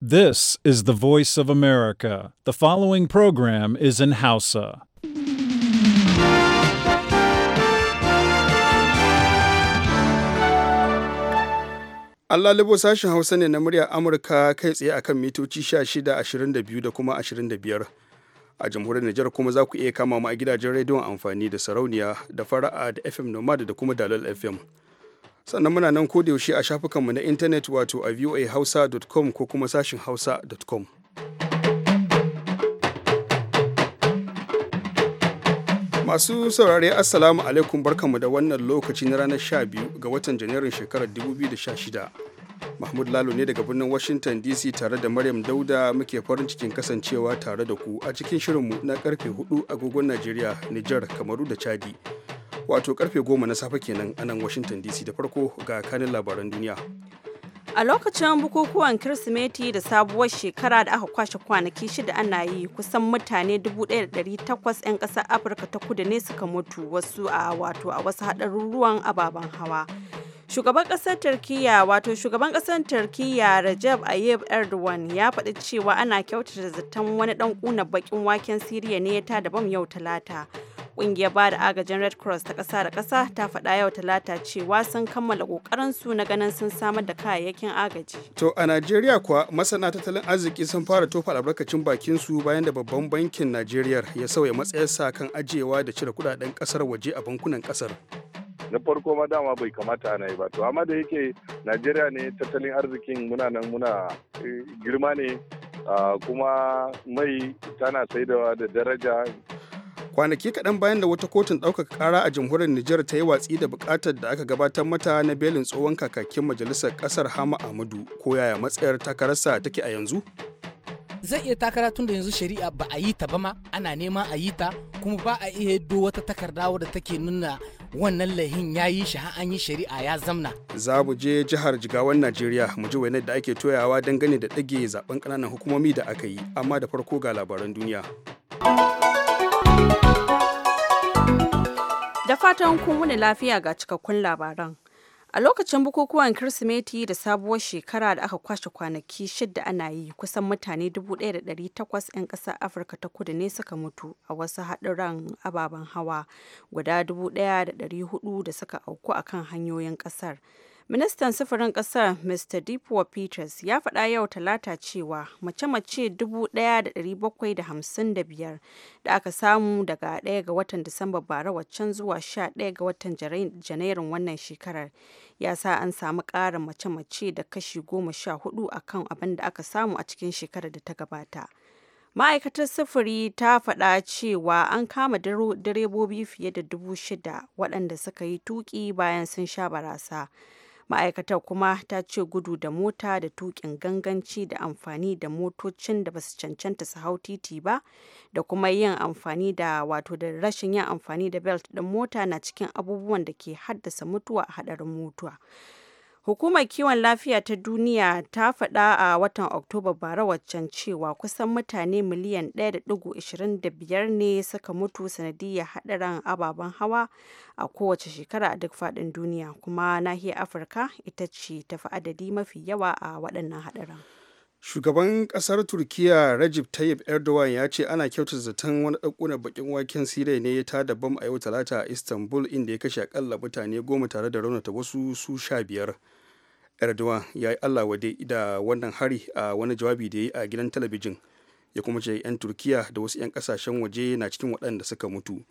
This is the voice of America. The following program is in Hausa. Allah labo sashen Hausa ne na muryar Amurka kai tsaye akan mitoci 16, 22 da kuma 25. A jamhuriyar Nijar kuma za ku iya kama mu a gidajen rediyon amfani da sarauniya da fara'a da FM Nomad da kuma Dalal FM. sannan muna nan ko da yaushe a shafukanmu na intanet wato a voahausa.com ko kuma sashin hausa.com masu saurare assalamu alaikum barkanmu da wannan lokaci na ranar 12 ga watan janairun shekarar 2016 mahmud lalo ne daga birnin washington dc tare da maryam dauda muke farin cikin kasancewa tare da ku a cikin shirinmu na karfe 4 agogon najeriya nijar kamaru da chadi wato karfe goma na safe kenan a nan washington dc da farko ga kanin labaran duniya a lokacin bukukuwan kirsimeti da sabuwar shekara da aka kwashe kwanaki shida ana yi kusan mutane 1,800 'yan kasar afirka ta kudu ne suka mutu wasu a wato a wasu haɗarurruwan ababen hawa shugaban kasar turkiya wato shugaban ƙasar turkiya rajab ayyub erdogan ya faɗi cewa ana kyautata zaton wani ɗan ƙuna baƙin waken siriya ne ya da bam yau talata Ƙungiyar bada agajin Red Cross ta kasa da kasa ta faɗa yau talata cewa sun kammala kokarin su na ganin sun samar da kayayyakin agaji. To a Najeriya kuwa masana tattalin arziki sun fara tofa albarkacin su bayan da babban bankin Najeriya ya sauya matsayarsa kan ajiyewa da cire kudaden kasar waje a bankunan kasar na farko ma dama bai kamata ana yi ba to amma da yake najeriya ne tattalin arzikin muna nan muna eh, girma ne ah, kuma mai tana saidawa da daraja kwanaki kaɗan bayan da wata kotun ɗaukaka ƙara a jamhuriyar Nijar ta yi watsi da buƙatar da aka gabatar mata na belin tsohon kakakin majalisar ƙasar Hama Ahmadu ko yaya matsayar takararsa take a yanzu? zai iya takara tun da yanzu shari'a ba a yi ta ba ma ana neman a yi ta kuma ba a iya do wata takarda wadda take nuna wannan lahin ya yi shi an yi shari'a ya zamna. Za mu je jihar Jigawan Najeriya mu ji wani da ake toyawa dangane da ɗage zaben ƙananan hukumomi da aka yi amma da farko ga labaran duniya. fatan kun wuni lafiya ga cikakkun labaran. A lokacin bukukuwan Kirsimeti da sabuwar shekara da aka kwashe kwanaki shidda ana yi kusan mutane 1,800 'yan ƙasar Afirka ta kudu ne suka mutu a wasu haɗuran ababen hawa guda 1,400 da suka auku a kan hanyoyin ƙasar. Ministan sufurin ƙasa Mr. dipo Peters ya faɗa yau talata cewa mace-mace 1,755 da aka samu daga 1 ga watan Disamba bara waccan zuwa 11 ga watan Janairun wannan shekarar ya sa an samu ƙarin mace-mace da kashi goma sha 14 kan abin da aka samu a cikin shekarar da ta gabata. ma'aikatar sufuri ta faɗa cewa an kama direbobi fiye da dubu shida waɗanda suka yi tuki bayan sun sha barasa ma'aikatar kuma ta ce gudu da mota da tukin ganganci da amfani da motocin da basu cancanta su hau titi ba da kuma yin amfani da wato da rashin yin amfani da belt din mota na cikin abubuwan da ke haddasa mutuwa a hadarin mutuwa Hukumar kiwon lafiya ta duniya ta faɗa a watan Oktoba bara waccan cewa kusan mutane miliyan 1.25 ne suka mutu sanadiyar haɗarin ababen hawa a kowace shekara a duk faɗin duniya, kuma nahiyar Afirka ita ce tafi adadi mafi yawa a waɗannan haɗarin. Shugaban ƙasar turkiya Recep Tayyip Erdogan ya ce ana kyautata zaton wani ɗakkuna bakin waken sire ne ya tada bam a yau Talata a Istanbul inda ya kashe akalla mutane goma tare da raunata wasu su sha biyar. erdogan ya yi allah wade da wannan hari a wani jawabi da ya yi a gidan talabijin ya kuma ce 'yan turkiya da wasu 'yan kasashen waje na cikin waɗanda suka mutu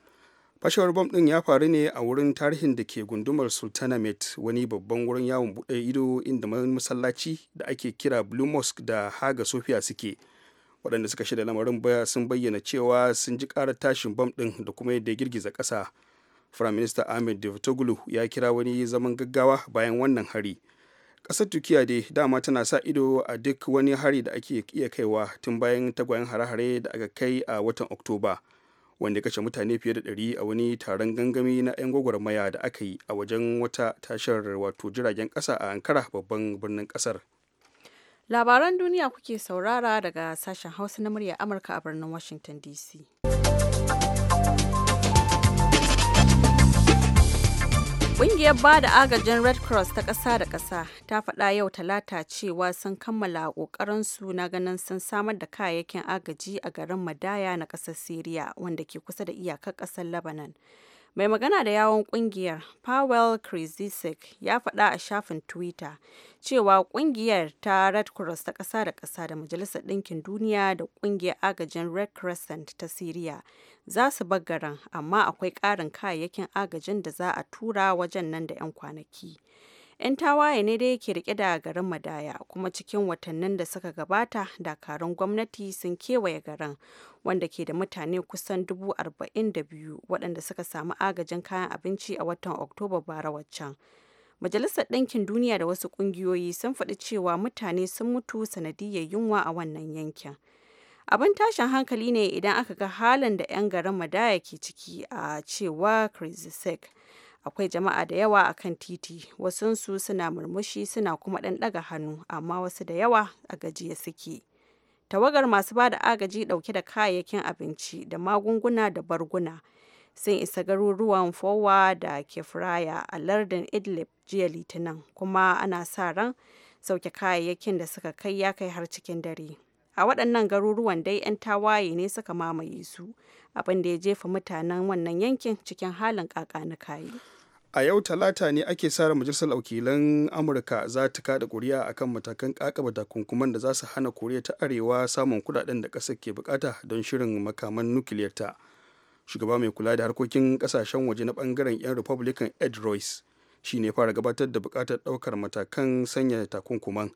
fashewar bom ɗin ya faru ne a wurin tarihin da ke gundumar sultanamet wani babban wurin yawon buɗe ido inda masallaci da ake kira blue mosque da haga sofia suke waɗanda suka shirya lamarin baya sun bayyana cewa sun ji ƙarar tashin bom ɗin da kuma yadda girgiza ƙasa firaminista ahmed davutoglu ya kira wani zaman gaggawa bayan wannan hari ƙasar turkiya dai dama tana sa ido a duk wani hari da ake iya kaiwa tun bayan tagwayen hare-hare da aka kai a watan oktoba wanda kashe mutane fiye da ɗari a wani taron gangami na 'yan gwagwarmaya da aka yi a wajen wata tashar wato jiragen ƙasa a ankara babban birnin ƙasar labaran duniya kuke saurara daga sashen hausa na murya amurka a birnin washington dc Ƙungiyar ba da agajin Red Cross ta ƙasa da ƙasa ta faɗa yau talata cewa sun kammala ƙoƙarinsu na ganin sun samar da kayayyakin agaji a garin Madaya na ƙasar Siriya wanda ke kusa da iyakar ƙasar Lebanon. Mai magana da yawon kungiyar Pavel Krzyzewski ya faɗa a shafin Twitter cewa kungiyar ta Red Cross ta ƙasa da ƙasa da Majalisar Ɗinkin Duniya da kungiyar agajin Red Crescent ta Siriya za su garan amma akwai ƙarin kayayyakin agajin da za a tura wajen nan da 'yan kwanaki. 'Yan tawaye ne da yake rike da garin Madaya kuma cikin watannin da suka gabata dakarun gwamnati sun kewaye garin wanda ke da mutane kusan dubu arba'in da biyu waɗanda suka samu agajin kayan abinci a watan Oktoba bara waccan. Majalisar Ɗinkin Duniya da wasu ƙungiyoyi sun faɗi cewa mutane sun mutu sanadiyyar yunwa a wannan yankin. Abin tashin hankali ne idan aka ga halin da 'yan garin Madaya ke ciki a cewa Krizisek. akwai jama'a da yawa a kan titi wasunsu suna murmushi suna kuma ɗan ɗaga hannu amma wasu da yawa a gajiya suke tawagar masu ba da agaji ɗauke da kayayyakin abinci da magunguna da barguna sun isa garuruwan fowa da kefraya a lardin idlib jiya litinin kuma ana sa ran sauke kayayyakin da suka kai ya kai har cikin dare a waɗannan garuruwan dai 'yan tawaye ne suka mamaye su abin da ya jefa mutanen wannan yankin cikin halin kakanikayi. a yau talata ne ake sa majalisar wakilan amurka za ta kada kuri'a akan matakan kakaba takunkuman da za su hana koriya ta arewa samun kudaden da kasar ke bukata don shirin makaman nukiliyarta shugaba mai kula da harkokin kasashen waje na bangaren 'yan republican ed royce shi ne fara gabatar da bukatar daukar matakan sanya takunkuman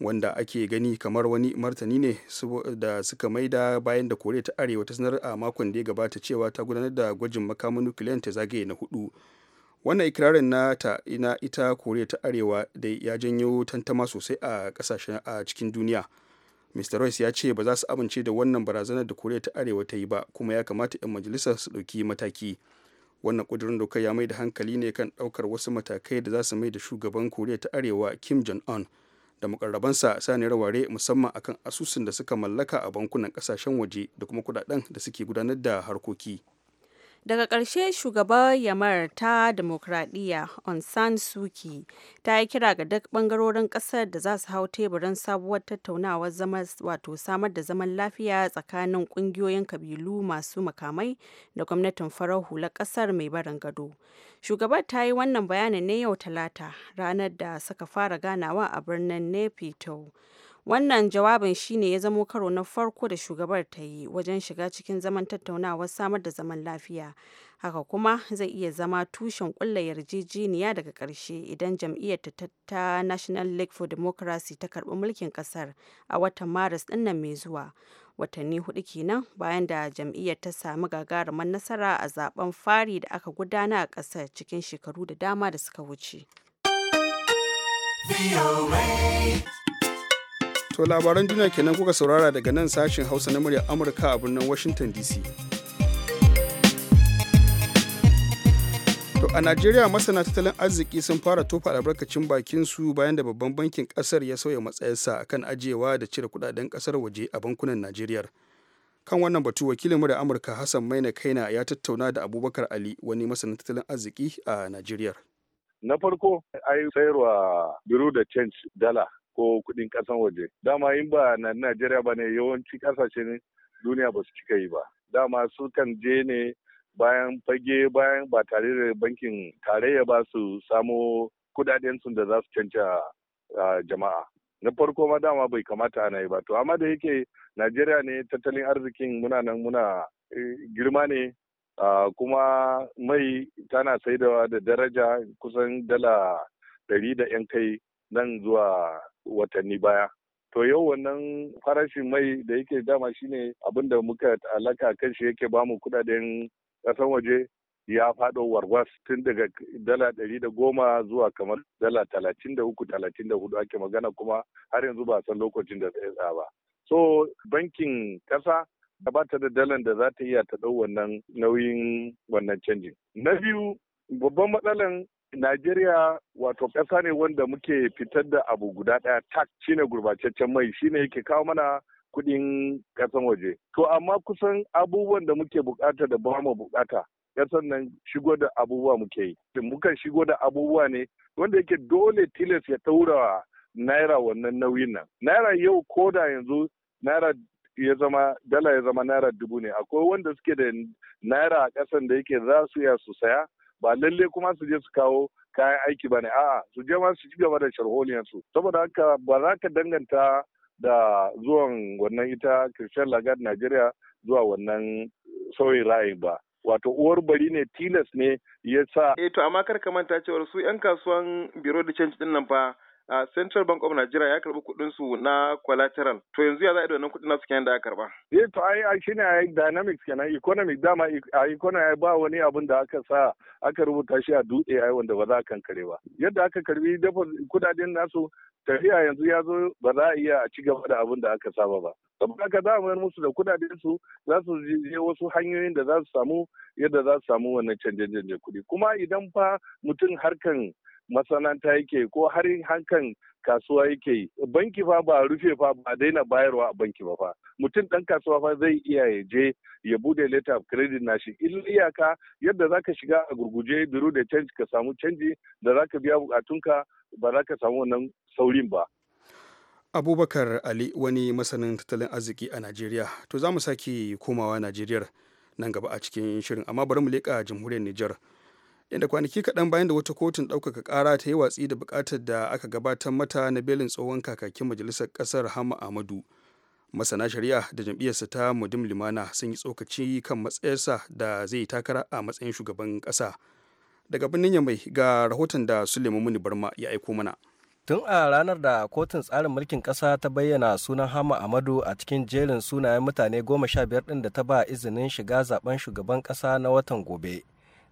wanda ake gani kamar wani martani ne da suka maida bayan da koriya ta arewa ta sanar a makon da ya gabata cewa ta gudanar da gwajin makaman nukiliyar ta zagaye na hudu wannan ikirarin ta na ita koriya ta arewa da ya janyo tantama sosai a kasashen a cikin duniya mr royce ya ce ba za su amince da wannan barazanar da koriya ta arewa ta yi ba kuma ya kamata 'yan majalisar su ɗauki mataki wannan ƙudurin doka ya mai da hankali ne kan ɗaukar wasu matakai da za su mai da shugaban koriya ta arewa kim jong un da mukarrabansa saniyar ware musamman akan asusun da suka mallaka a bankunan kasashen waje da kuma kudaden da suke gudanar da harkoki. Daga ƙarshe shugabar Yamar ta demokradiyya Onsan Suki ta yi kira ga duk bangarorin ƙasar da za su hau teburin sabuwar tattaunawar wato samar da zaman lafiya tsakanin ƙungiyoyin kabilu masu makamai da gwamnatin farar hula ƙasar mai barin gado. Shugabar ta yi wannan bayanin ne yau talata ranar da suka fara ganawa a birnin Naypyidaw. Wannan jawabin shine ya zamo karo na farko da shugabar ta yi wajen shiga cikin zaman tattaunawa samar da zaman lafiya. Haka kuma zai iya zama tushen ƙulla yarjejeniya daga karshe idan jam'iyyar ta National League for Democracy ta karɓi mulkin kasar a watan Maris ɗinnan mai zuwa. Watanni hudu kenan bayan da jam'iyyar ta sami gagarumar nasara a zaben fari da aka gudana a kasar cikin shekaru da dama da suka wuce. To labaran duniya kenan kuka saurara daga nan sashen Hausa na muryar Amurka a birnin Washington DC. To a Najeriya masana tattalin arziki sun fara tofa albarkacin bakin su bayan da babban bankin kasar ya sauya matsayarsa akan ajiyewa da cire kudaden kasar waje a bankunan Najeriya. Kan wannan batu wakilin da Amurka Hassan Maina Kaina ya tattauna da Abubakar Ali wani masana tattalin arziki a Najeriya. Na farko ai sayarwa biro da change dala ko kuɗin kasan waje dama in ba na najeriya ba ne yawanci ƙasashen duniya ba su cika yi ba dama su kan je ne bayan fage bayan ba tare da bankin tarayya ba su samo kudadensu da za su canca jama'a na farko ma dama bai kamata ana yi ba to amma da yake najeriya ne tattalin arzikin muna nan muna eh, girma ne kuma mai tana saidawa da daraja kusan dala ɗari da 'yan kai nan zuwa watanni baya to yau wannan farashin mai da yake dama shine abin da muka alaka kan shi yake bamu kudaden kasan waje ya faɗo warwas tun daga dala ɗari da goma zuwa kamar dala talatin da uku talatin da hudu ake magana kuma har yanzu ba san lokacin da zai tsaya ba so bankin ƙasa da bata da dalan da za ta iya ta ɗau wannan nauyin wannan canjin na biyu babban matsalan Najeriya wato ƙasa ne wanda muke fitar da abu guda ɗaya tak shine gurbataccen mai shine yake kawo mana kuɗin ƙasan waje. To amma kusan abubuwan da muke bukata da ba mu bukata ƙasan nan shigo da abubuwa muke yi. Mukan shigo da abubuwa ne wanda yake dole tilas ya taura naira wannan nauyin nan. Naira yau ko da yanzu naira ya zama dala ya zama naira dubu ne akwai wanda suke da naira a ƙasan da yake za su iya su saya ba lalle kuma su je su kawo kayan aiki ba ne a'a su je ma su ci gaba da sharholiyansu saboda haka ba za ka danganta da zuwan wannan ita Christian Lagarde Najeriya zuwa wannan sauyin ra'ayi ba wato uwar bari ne tilas ne ya sa eh to amma kar ka manta cewar su yan kasuwan biro da canji din fa A Central Bank of Nigeria ya karbi kuɗin su na collateral to yanzu ya za a da wannan kuɗin nasu kenan da aka karba eh to ai ai shine ai dynamics kenan economic dama a ai ba wani abin da aka sa aka rubuta shi a dutse ai wanda ba za a kankare ba yadda aka karbi kudaden nasu tafiya yanzu ya zo ba za a iya a ci gaba da abin da aka saba ba saboda haka za a mayar musu da kudaden su za su je wasu hanyoyin da za su samu yadda za su samu wannan canje-canje kuɗi kuma idan fa mutum harkan masana'anta yake ko har hankan kasuwa yake yi banki fa ba rufe fa ba daina bayarwa a banki ba fa mutum dan kasuwa fa zai iya ya je ya bude letter of credit shi in iyaka yadda zaka shiga a gurguje biro da change ka samu canji da zaka biya bukatunka ba za ka samu wannan saurin ba abubakar ali wani masanin tattalin arziki a najeriya to za mu sake komawa najeriyar nan gaba a cikin shirin amma bari mu leka jamhuriyar nijar inda kwanaki kaɗan bayan da wata kotun ɗaukaka ƙara ta yi watsi da buƙatar da aka gabatar mata na belin tsohon kakakin majalisar ƙasar hama amadu masana shari'a da jam'iyyarsa ta mudim limana sun yi tsokaci kan matsayarsa da zai takara a matsayin shugaban ƙasa daga birnin yamai ga rahoton da suleiman muni barma ya aiko mana tun a ranar da kotun tsarin mulkin ƙasa ta bayyana sunan hama amadu a cikin jerin sunayen mutane goma sha biyar ɗin da ta ba izinin shiga zaben shugaban ƙasa na watan gobe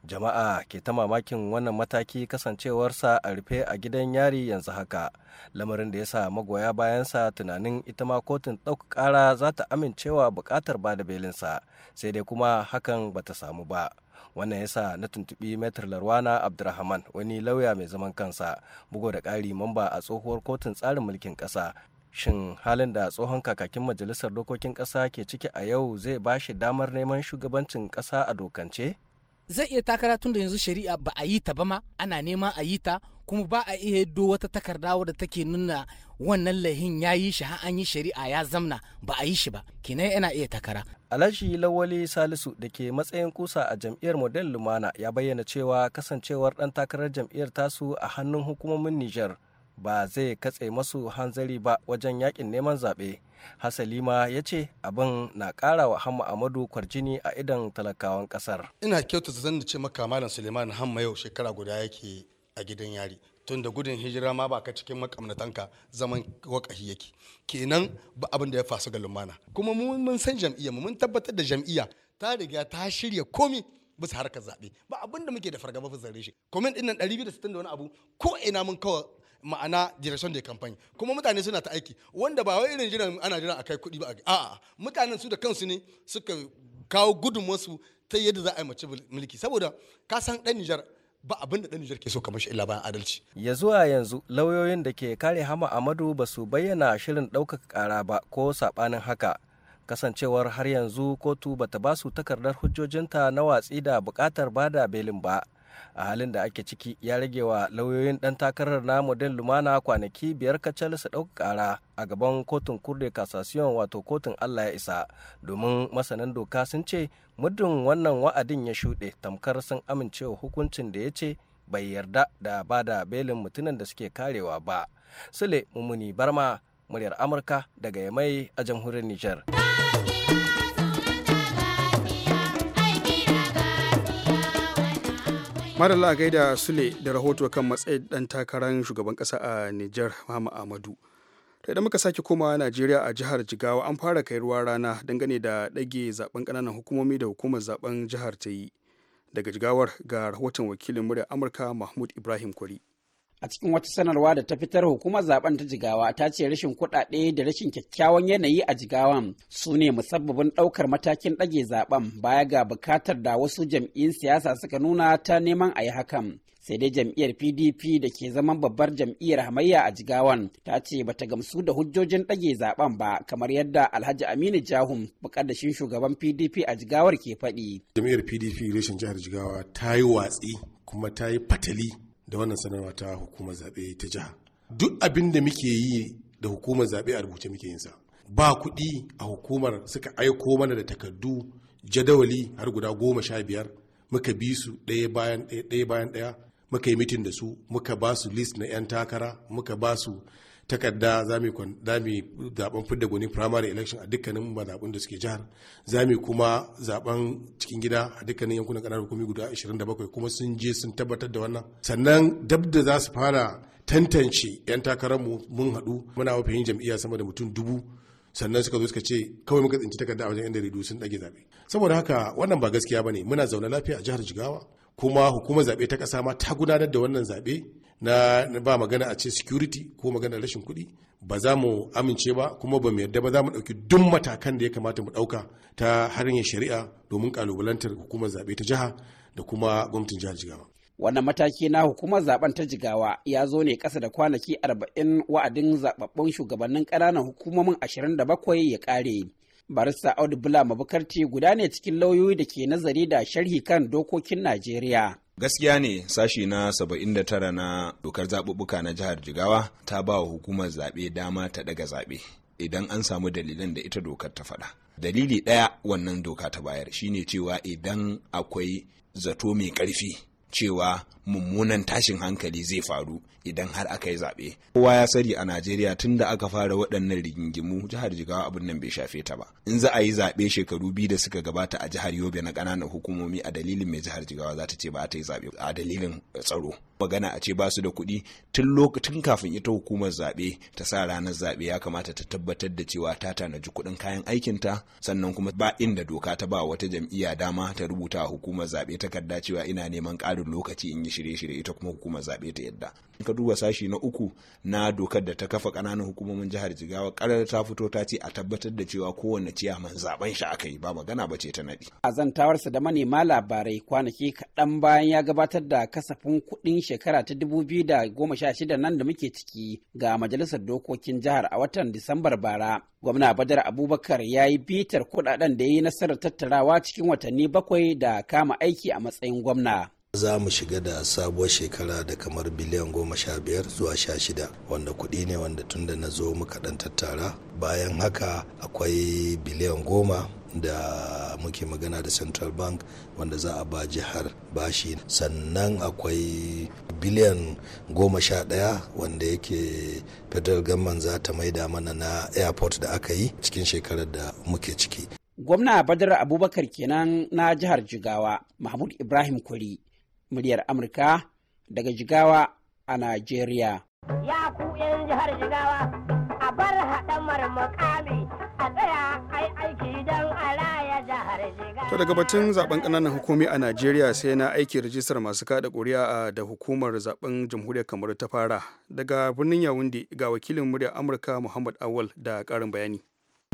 jama'a ke ta mamakin wannan mataki kasancewarsa a rufe a gidan yari yanzu haka lamarin da ya sa magoya bayansa tunanin ita ma kotun ɗauka ƙara za ta amincewa buƙatar bada belinsa sai dai kuma hakan ba ta samu ba wannan yasa na tuntubi metar larwana abdurrahman wani lauya mai zaman kansa bugu da ƙari mamba a tsohuwar kotun tsarin mulkin ƙasa shin halin da tsohon kakakin majalisar dokokin ƙasa ke ciki a yau zai ba shi damar neman shugabancin ƙasa a dokance zai iya takara tun da yanzu shari'a ba a yi ta ba ma ana neman a yi ta kuma ba a iya do wata takarda wadda take nuna wannan lahin ya yi shi har an yi shari'a ya zamna ba a yi shi ba kenan yana iya takara alhaji lawali salisu da ke matsayin kusa a jam'iyyar model lumana ya bayyana cewa kasancewar dan takarar jam'iyyar tasu a hannun hukumomin niger ba zai katse masu hanzari ba wajen yakin neman zaɓe hasali ya ce abin na ƙara wa hamma amadu kwarjini a idan talakawan ƙasar ina kyautata zan da ce maka malam suleiman hamma yau shekara guda yake a gidan yari tun gudun hijira ma ka cikin makamnatanka zaman wakahi yake kenan ba abin da ya fasu ga lumana kuma mun san jam'iyya mun tabbatar da jam'iyya ta riga ta shirya komi bisa harkar zaɓe ba abin da muke da fargaba zare shi komen ɗin nan biyu da sittin da wani abu ko ina mun kawo ma'ana direction da campaign kuma mutane suna ta aiki wanda ba wai irin jiran ana jiran a kai kuɗi ba a'a mutanen su da kansu ne suka kawo gudunmuwarsu ta yadda za a yi mace mulki saboda ka san ɗan Nijar ba abin da ɗan Nijar ke so kamar shi illa bayan adalci. Ya zuwa yanzu lauyoyin da ke kare Hama Amadu ba su bayyana shirin ɗaukaka kara ba ko sabanin haka. Kasancewar har yanzu kotu bata ba su takardar hujjojinta na watsi da bukatar bada belin ba. a halin da ake ciki ya rage wa lauyoyin dan takarar na modern lumana kwanaki biyar kacal su ɗauka ƙara a gaban kotun kurde kasasiyon wato kotun allah ya isa domin masanan doka sun ce muddin wannan wa'adin ya shuɗe tamkar sun amincewa hukuncin da ya ce bai yarda da ba da belin mutunan da suke karewa ba sule mummuni barma muryar amurka daga yamai a jamhuriyar nijar. Madalla gaida Sule da rahoto kan matsayin dan takarar shugaban kasa a Nijar Muhammad Ahmadu. Da idan muka sake komawa Najeriya a jihar Jigawa an fara kai ruwa rana dangane da ɗage zaben ƙananan hukumomi da hukumar zaben jihar ta yi. Daga Jigawar ga rahoton wakilin murya Amurka Mahmud Ibrahim kuri a cikin wata sanarwa da ta fitar hukumar zaben ta jigawa ta ce rashin kuɗaɗe da rashin kyakkyawan yanayi a jigawan su ne musabbabin ɗaukar matakin ɗage zaben baya ga bukatar da wasu jam'iyyun siyasa suka nuna ta neman a yi hakan sai dai jam'iyyar pdp da ke zaman babbar jam'iyyar hamayya a jigawan ta ce bata gamsu da hujjojin ɗage zaben ba kamar yadda alhaji aminu jahun bukadashin shugaban pdp a jigawar ke faɗi jam'iyyar pdp rashin jihar jigawa ta yi watsi kuma ta yi fatali da wannan sanarwa ta hukumar zaɓe ta jiha duk abin da muke yi da hukumar zaɓe a rubuce muke yin sa ba kuɗi a hukumar suka aiko mana da takardu jadawali har guda goma sha biyar muka bi su ɗaya bayan ɗaya bayan ɗaya muka yi mitin da su muka ba su list na 'yan takara muka ba su takarda za mu zaben fidda gwani primary election a dukkanin mazaɓun da suke jihar za mu kuma zaben cikin gida a dukkanin yankunan ƙananan hukumi guda 27 kuma sun je sun tabbatar da wannan sannan dab da za su fara tantance 'yan takararmu mun haɗu muna wafayin jam'iyya sama da mutum dubu sannan suka zo suka ce kawai muka tsinci takarda a wajen 'yan jaridu sun ɗage zaɓe saboda haka wannan ba gaskiya ba ne muna zaune lafiya a jihar jigawa kuma hukumar zaɓe ta ƙasa ma ta gudanar da wannan zaɓe na ba magana a ce security ko magana rashin kuɗi ba za mu amince ba kuma ba mu yarda ba za mu ɗauki duk matakan da ya kamata mu ɗauka ta hanyar shari'a domin ƙalubalantar hukumar zaɓe ta jiha da kuma gwamnatin jihar jigawa. wannan mataki na hukumar zaben ta jigawa ya zo ne ƙasa da kwanaki arba'in wa'adin zababbun shugabannin ƙananan hukumomin ashirin da bakwai ya kare barista audu bula mabukarti guda ne cikin lauyoyi da ke nazari da sharhi kan dokokin najeriya gaskiya ne sashi na 79 na dokar zaɓuɓɓuka na jihar jigawa ta ba wa hukumar zaɓe dama ta ɗaga zaɓe idan an samu dalilan da ita dokar ta faɗa dalili ɗaya wannan doka ta bayar shine cewa idan akwai zato mai ƙarfi cewa mummunan tashin hankali zai faru idan har aka yi zaɓe. Kowa ya sani a Najeriya tun da aka fara waɗannan rigingimu jihar Jigawa abin nan bai shafe ta ba. In za a yi zaɓe shekaru biyu da suka gabata a jihar Yobe na ƙananan hukumomi a dalilin mai jihar Jigawa za ta ce ba ta yi zaɓe a dalilin tsaro. magana a ce ba su da kuɗi tun lokacin kafin ita hukumar zaɓe ta sa ranar zaɓe ya kamata ta tabbatar da cewa ta tanaji kuɗin kayan aikinta sannan kuma ba inda doka ta ba wata jam'iyya dama ta rubuta a hukumar zaɓe takarda cewa ina neman ƙarin lokaci in yi shirye-shirye ita kuma hukumar zaɓe ta yadda. In ka duba sashi na uku na dokar da ta kafa ƙananan hukumomin jihar Jigawa ƙarar ta fito ta ce a tabbatar da cewa kowane ciyaman zaɓen shi aka yi ba magana ba ce ta naɗi. A zantawarsa da manema labarai kwanaki kaɗan bayan ya gabatar da kasafin kuɗin shekara ta da goma sha shida nan da muke ciki ga majalisar dokokin jihar a watan Disambar bara. Gwamna Badar Abubakar ya yi bitar kudaden da ya yi nasarar tattarawa cikin watanni bakwai da kama aiki a matsayin gwamna. za mu shiga da sabuwar shekara da kamar biliyan goma sha biyar zuwa sha shida wanda kuɗi ne wanda tun da na zo muka ɗan tattara bayan haka akwai biliyan goma da muke magana da central bank wanda za a ba jihar bashi sannan akwai biliyan goma sha ɗaya wanda yake federal government za ta maida mana na airport da aka yi cikin shekarar da muke ciki gwamna badar abubakar kenan na jihar jigawa mahmud ibrahim kuri muryar amurka daga jigawa a najeriya ya ku 'yan jihar jigawa a bar haɗamar mukami a tsaya To daga batun zaben kananan hukumi a Najeriya sai na aiki rajistar masu kada kuri'a da hukumar zaben jamhuriyar kamar ta fara. Daga birnin Yawunde ga wakilin muryar Amurka Muhammad Awal da karin bayani.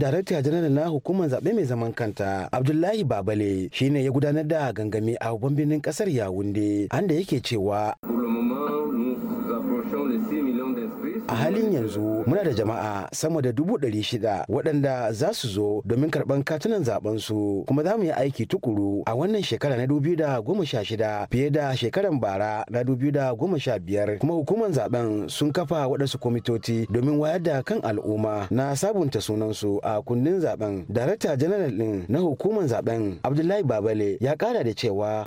Darakta janar na hukumar zaɓe mai zaman kanta Abdullahi Babale shine ya gudanar da gangami a babban birnin ƙasar Yawunde, anda yake cewa a halin yanzu muna da jama'a sama da dubu ɗari shida waɗanda za su zo domin karɓan katunan zaben su kuma za mu yi aiki tukuru a wannan shekara na dubu da goma sha shida fiye da shekaran bara na dubu da goma sha biyar kuma hukumar zaben sun kafa waɗansu kwamitoci domin wayar da kan al'umma na sabunta sunansu a kundin zaben darakta janaral ɗin na hukumar zaben abdullahi babale ya ƙara da cewa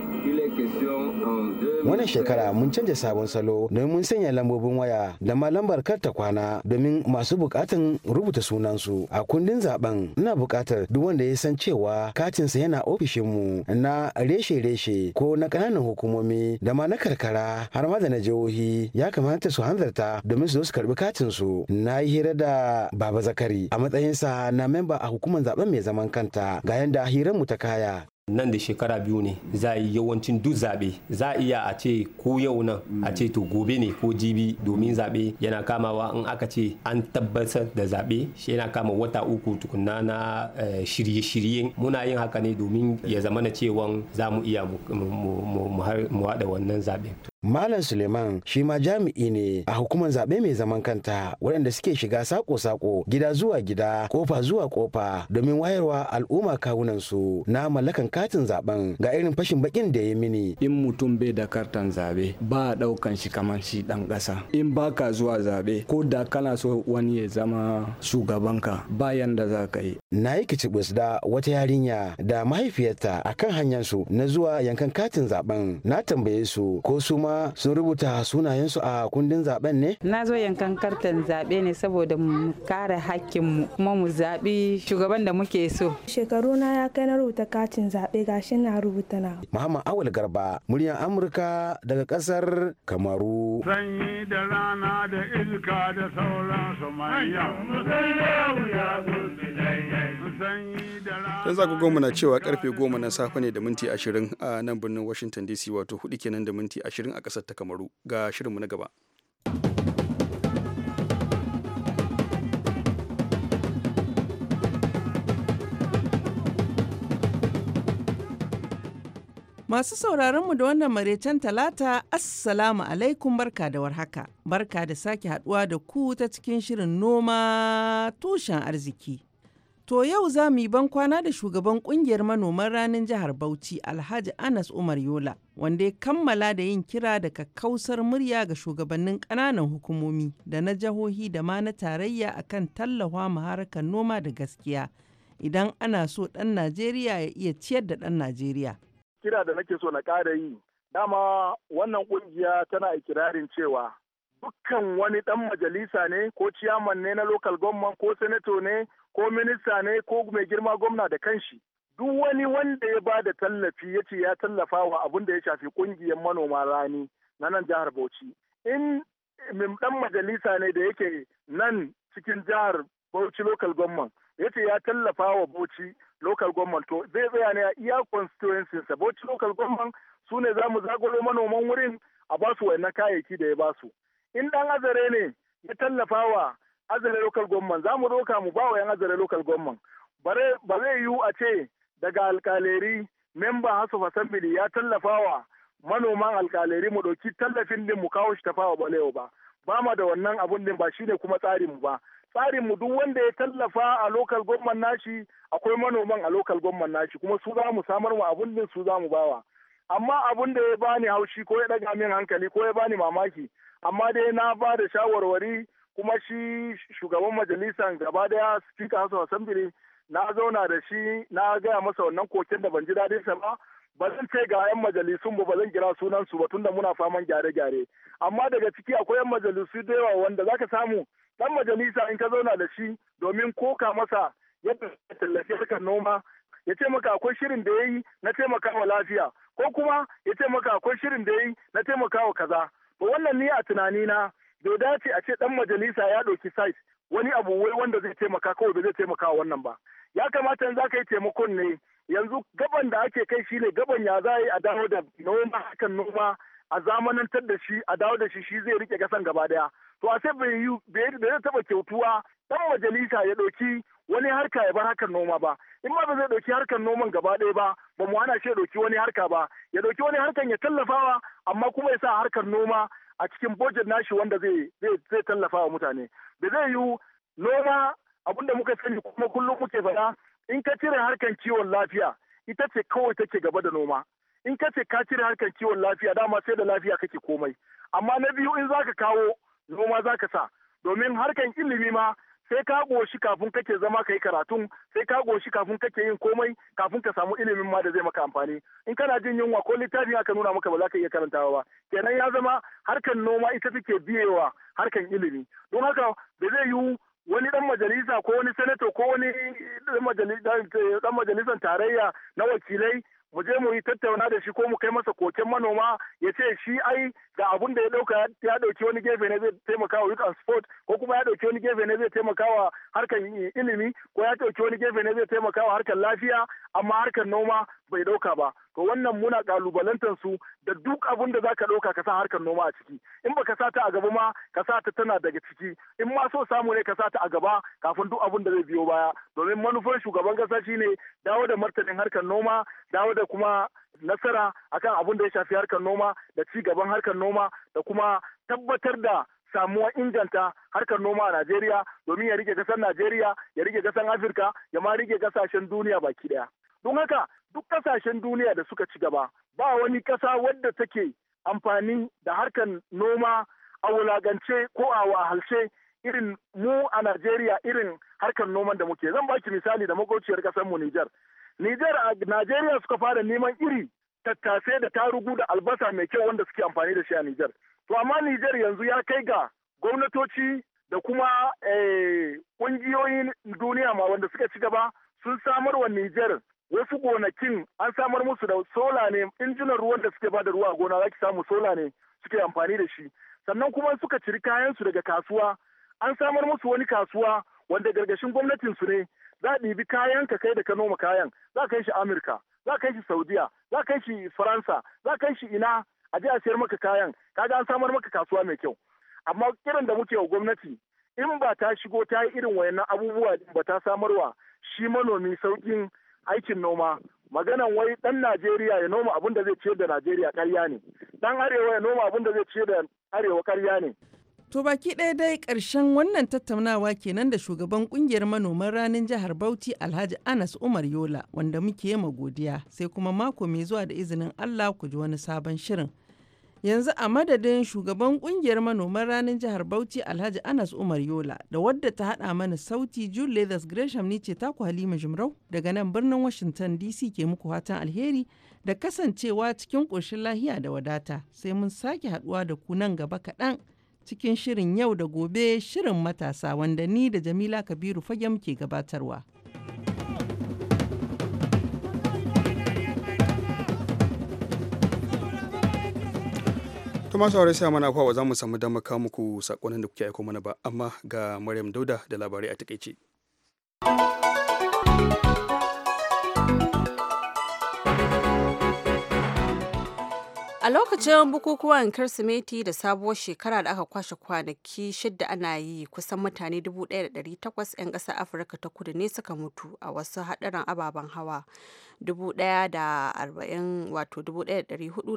wannan shekara mun canja sabon salo domin mun sanya lambobin waya da ma lambar karta kwana domin masu bukatan rubuta sunansu a kundin zaben ina bukatar duk wanda ya san cewa katinsa yana ofishinmu na reshe-reshe ko na ƙananan hukumomi da ma na karkara har ma da na jihohi ya kamata su hanzarta domin su zo su karbi katinsu na yi hira da baba zakari a matsayinsa na memba a hukumar zaben mai zaman kanta ga yanda hiranmu ta kaya nan da shekara biyu ne za a yi yawancin duk zaɓe za a iya a ce ko yau nan a ce to gobe ne ko jibi domin zaɓe yana kamawa in aka ce an tabbatar da zaɓe shi yana kama wata uku tukunna na eh, shirye-shirye muna yin haka ne domin ya zama na cewa za mu iya mu haɗa wannan zaɓe. Malam Suleiman shi ma jami'i ne a hukumar zaɓe mai zaman kanta waɗanda suke shiga sako-sako gida zuwa gida kofa zuwa kofa domin wayarwa al'umma kawunan su na mallakan katin zaben ga irin fashin bakin da ya mini. In mutum bai da kartan zabe ba a ɗaukan shi kamar shi ɗan ƙasa. In baka zuwa zabe ko da kana so wani ya zama shugabanka bayan da za ka yi. Na yi kicibis da wata yarinya da mahaifiyarta akan hanyar su na zuwa yankan katin zaɓen na tambaye su ko su kuma sun rubuta sunayensu a kundin zaben ne na zo yankan kartan zaɓe ne saboda mu kare hakkinmu kuma mu zaɓi shugaban da muke so shekaru na ya kai na rubuta katin zaɓe gashi na rubuta na muhammad awal garba muryar amurka daga kasar kamaru sanyi da rana zaku goma na cewa karfe goma na safe ne da minti ashirin a nan birnin Washington DC wato hudu kenan da minti ashirin a ƙasar ta kamaru ga shirinmu na gaba Masu sauraronmu da wannan maraicen talata, Assalamu alaikum barka da warhaka. Barka da sake haduwa da ku ta cikin shirin noma tushen arziki To yau za mu yi kwana da shugaban kungiyar manoman ranar jihar Bauchi Alhaji Anas Umar Yola wanda ya kammala da yin kira da kakkausar murya ga shugabannin ƙananan hukumomi da na jihohi da ma na tarayya akan tallafa mu harkar noma da gaskiya idan ana so ɗan Najeriya ya iya ciyar da ɗan Najeriya. Kira da nake so na ƙara yi dama wannan kungiya tana ikirarin cewa dukkan wani ɗan majalisa ne ko ciyaman ne na local government ko senator ne ko minista ne ko mai girma gwamna da kanshi duk wani wanda ya ba da tallafi ya ce ya tallafa wa abin da ya shafi kungiyar manoma rani na nan jihar Bauchi. In dan majalisa ne da yake nan cikin jihar Bauchi local government ya ce ya tallafa wa Bauchi local government to zai tsaya ne a iya constituency sa Bauchi local government su ne za mu zagoro manoman wurin a basu su wayannan kayayyaki da ya basu In dan azare ne ya tallafa wa azare local government za mu roka mu ba wa yan azare local government ba zai yiwu a ce daga alkaleri memba of assembly ya tallafawa wa manoman alkaleri mu ɗauki tallafin din mu kawo shi tafawa balewa ba ba ma da wannan abun din ba shine kuma tsarin mu ba tsarin mu duk wanda ya tallafa a local government nashi akwai manoman a local government nashi kuma su za mu samar mu abun din su za mu bawa amma abun da ya bani haushi ko ya daga min hankali ko ya bani mamaki amma dai na ba da shawarwari kuma shi shugaban majalisan gaba daya speaker house assembly na zauna da shi na gaya masa wannan koken da ban ji daɗin sa ba ba zan ce ga 'yan majalisun ba zan kira sunan su ba tunda muna faman gyare-gyare amma daga ciki akwai 'yan majalisu da yawa wanda zaka samu dan majalisa in ka zauna da shi domin koka masa yadda tallafi harkar noma ya ce maka akwai shirin da yayi yi na taimakawa lafiya ko kuma ya ce maka akwai shirin da yayi yi na taimakawa kaza to wannan ni a tunani na. bai dace a ce dan majalisa ya ɗauki site wani abu wai wanda zai taimaka kawai ba zai taimaka wannan ba ya kamata yanzu aka yi taimakon ne yanzu gaban da ake kai shi shine gaban ya za a dawo da noma hakan noma a zamanantar da shi a dawo da shi shi zai rike kasan gaba daya to a sai bai yi bai taba kyautuwa dan majalisa ya ɗauki wani harka ya bar harkar noma ba in ma ba zai ɗauki harkar noman gaba ɗaya ba ba mu hana shi ya ɗauki wani harka ba ya ɗauki wani harkan ya tallafawa amma kuma ya sa harkar noma a cikin budget nashi wanda zai zai tallafa wa mutane da zai yi noma abinda muka sani kuma kullum muke faɗa in ka cire harkan kiwon lafiya ita ce kawai take gaba da noma in ka ce ka cire harkan kiwon lafiya dama sai da lafiya kake komai amma na biyu in zaka kawo noma zaka sa domin harkan ilimi ma sai ka goshi kafin kake zama kai karatun sai ka goshi kafin kake yin komai kafin ka samu ilimin ma da zai maka amfani in kana jin yunwa ko littafi aka nuna maka ba za ka iya karantawa ba kenan ya zama harkan noma ita take biyewa harkan ilimi don haka ba zai yiwu wani dan majalisa ko wani sanato ko wani dan majalisan tarayya na wakilai mu je mu yi tattauna da shi ko mu kai masa koken manoma ya ce shi ai ga abun da ya dauka ya dauki wani gefe ne zai taimaka wa yukan sport ko kuma ya dauki wani gefe ne zai taimaka wa harkar ilimi ko ya dauki wani gefe ne zai taimaka wa harkar lafiya amma harkar noma bai dauka ba to wannan muna kalubalantar su da duk abun da zaka dauka ka sa harkar noma a ciki in baka sa ta a gaba ma ka sa ta tana daga ciki in ma so samu ne ka sa ta a gaba kafin duk abun da zai biyo baya domin manufar shugaban kasa shine dawo da martanin harkar noma dawo da kuma nasara akan abin da ya shafi harkar noma da ci gaban harkar noma da kuma tabbatar da samuwa inganta harkar noma a Najeriya domin ya rike kasar Najeriya ya rike kasar Afirka ya ma rike kasashen duniya baki daya. Don haka duk kasashen duniya da suka ci gaba ba wani kasa wadda take amfani da harkar noma a wulagance ko a wahalce irin mu a Najeriya irin harkar noman da muke. Zan baki misali da makociyar kasar mu Niger Nijar a Najeriya suka fara neman iri tattase da tarugu da albasa mai kyau wanda suke amfani da shi a Nijar. To amma Nijar yanzu ya kai ga gwamnatoci da kuma eh, ƙungiyoyin duniya ma wanda suka ci gaba sun samar wa Nijar wasu gonakin an samar musu da sola ne injinan ruwan da suke bada ruwa a gona za ki samu sola ne suke amfani da shi sannan kuma suka ciri kayansu daga kasuwa an samar musu wani kasuwa wanda gargashin gwamnatin su ne za a ɗibi kayan ka kai da ka noma kayan za kai shi amurka za kai shi saudiya za kai shi faransa za kai shi ina a je a siyar maka kayan kaga an samar maka kasuwa mai kyau amma irin da muke wa gwamnati in ba ta shigo ta yi irin wayannan abubuwa ba ta samarwa shi manomi sauƙin aikin noma maganan wai dan Najeriya ya noma abin da zai ciyar da Najeriya karya ne dan arewa ya noma abin da zai ciyar da arewa karya ne To baki ɗaya dai ƙarshen wannan tattaunawa kenan da shugaban ƙungiyar manoman ranar jihar Bauchi Alhaji Anas Umar Yola wanda muke ma godiya sai kuma mako mai zuwa da izinin Allah ku ji wani sabon shirin. Yanzu a madadin shugaban ƙungiyar manoman ranar jihar Bauchi Alhaji Anas Umar Yola da wadda ta haɗa mana sauti Jude Leathers Gresham ni ce taku Halima Jumrau daga nan birnin Washington DC ke muku fatan alheri da kasancewa cikin ƙoshin lahiya da wadata sai mun sake haɗuwa da ku nan gaba kaɗan. cikin shirin yau da gobe shirin matasa wanda ni da Jamila Kabiru fage muke gabatarwa. kuma sauran sai mana kwa za mu samu damar kawo muku sakonin da kuke aiko mana ba amma ga Maryam Dauda da labarai a takaice. A lokacin bukukuwan Kirsimeti da sabuwar shekara da aka kwashe kwanaki shidda ana yi kusan mutane 1,800 'yan ƙasar Afirka ta kudu ne suka mutu a wasu haɗarin ababen hawa 1,400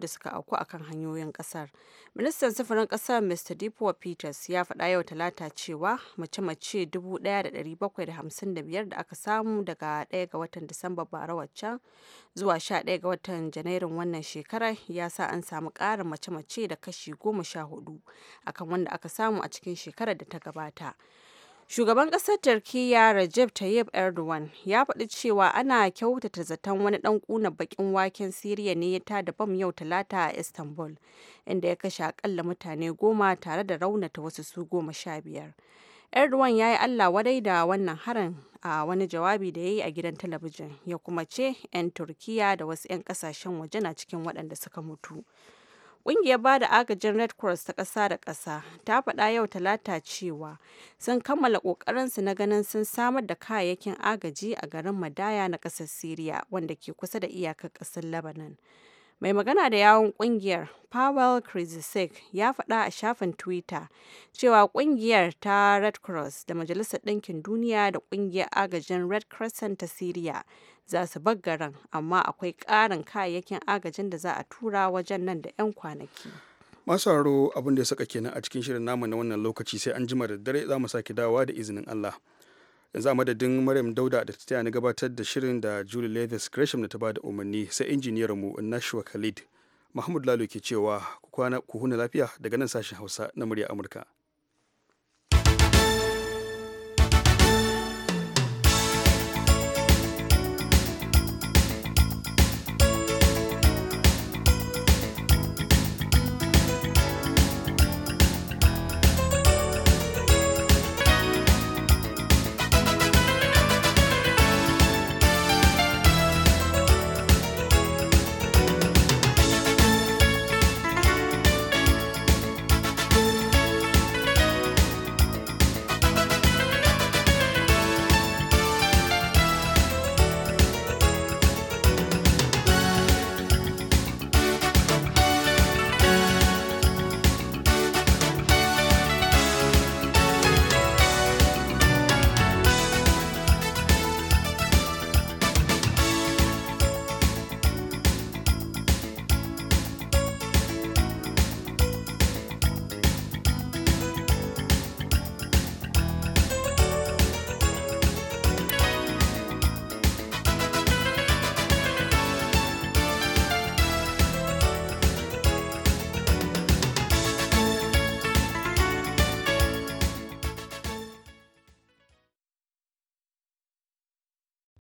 da suka auku akan hanyoyin kasar. Ministan sufurin kasar Mr. dipo Peters ya faɗa yau talata cewa mace-mace 1,755 da aka samu daga 1 ga watan Disamba bara waccan zuwa 11 ga watan Janairun wannan shekara ya sa an samu ƙarin mace-mace da kashi 14 akan wanda aka samu a cikin shekarar da ta gabata. Shugaban ƙasar Turkiyya Recep Tayyip Erdogan ya faɗi cewa ana kyautata zaton wani ɗan ƙuna bakin waken Siriya ne ya da bam yau Talata a Istanbul, inda ya kashe aƙalla mutane goma tare da raunata wasu su goma sha biyar. Erdogan ya yi Allah wadai da wannan harin a wani jawabi da ya yi a gidan talabijin, ya kuma ce 'yan Turkiyya da wasu 'yan kasashen waje na cikin waɗanda suka mutu. Ƙungiyar bada agajin Red Cross ta ƙasa da ƙasa ta faɗa yau Talata cewa sun kammala ƙoƙarinsu na ganin sun samar da kayayyakin agaji a garin Madaya na ƙasar Siriya wanda ke kusa da iyakar ƙasar Lebanon. Mai magana da yawon kungiyar, Pavel Krzyzewski, ya faɗa a shafin Twitter cewa kungiyar ta Red Cross da Majalisar Ɗinkin Duniya da kungiyar agajin Red Crescent ta Syria za su baggaran amma akwai ƙarin kayayyakin agajin da za a tura wajen nan da 'yan kwanaki. Masu abin da ya saka kenan a cikin shirin namu na wannan lokaci sai an jima da dare za mu sake dawowa da izinin Allah. yanzu a madadin maryam dauda da ta taya na gabatar da shirin da julie levis gresham da ta da umarni sai injiniyar mu nashua khalid mahmud lalo ke cewa ku kwana ku huna lafiya daga nan sashen hausa na murya amurka